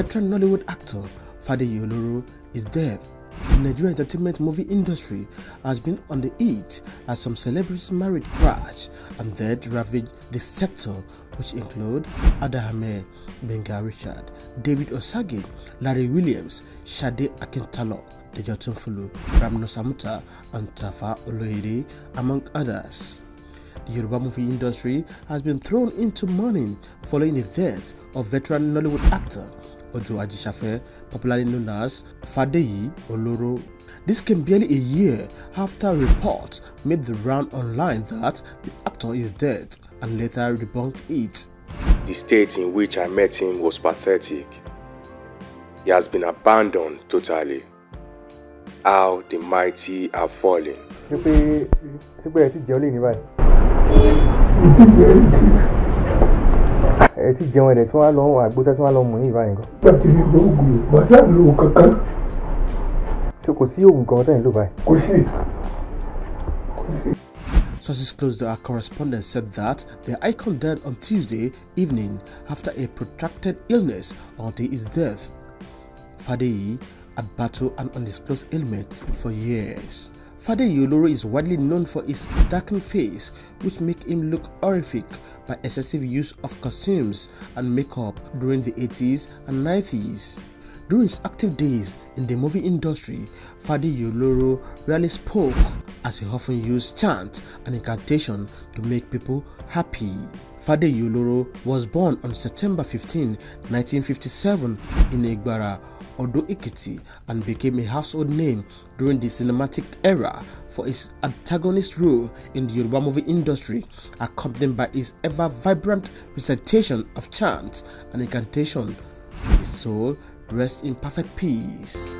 Veteran Nollywood actor Fadi Yoluru is dead. The Nigerian entertainment movie industry has been on the edge as some celebrities' marriage crash and death ravaged the sector, which include Adahame, Benga Richard, David Osage, Larry Williams, Shade Akintalo, Dejotun Fulu, Ramno Samuta, and Tafa Oloide, among others. The Yoruba movie industry has been thrown into mourning following the death of veteran Nollywood actor Ojo Ajishafe, popularly known as Fadeyi Oloro. This came barely a year after reports made the round online that the actor is dead and later debunked it. The state in which I met him was pathetic. He has been abandoned totally. How the mighty have fallen. ṣé pé ṣé pé ẹ ti jẹun lè ẹ ti jẹun ẹ̀dẹ̀ tí wọ́n á lọ àgbo tẹ́ tí wọ́n á lọ mú yìí báyìí nǹkan. nígbà tí mi ló gùn màá ṣáà lo agbo te ti won lo mu yii bayii nnkan nigba ti mi lo gun maa saa lo kankan. so kò sí oògùn kan tẹ́yìn ló báyìí. kò sí. Sources close to our correspondent said that the icon died on Tuesday evening after a protracted illness until his death. Fadeyi had battled an undisclosed ailment for years. Fadeyi Oloro is widely known for his darkened face, which make him look horrific by excessive use of costumes and makeup during the 80s and 90s. During his active days in the movie industry, Fadi Yoloro rarely spoke as he often used chant and incantation to make people happy. Fadi Yoloro was born on September 15, 1957 in Igbara. Odo Ikiti and became a household name during the cinematic era for his antagonist role in the Yoruba movie industry, accompanied by his ever vibrant recitation of chants and incantation. His soul rests in perfect peace.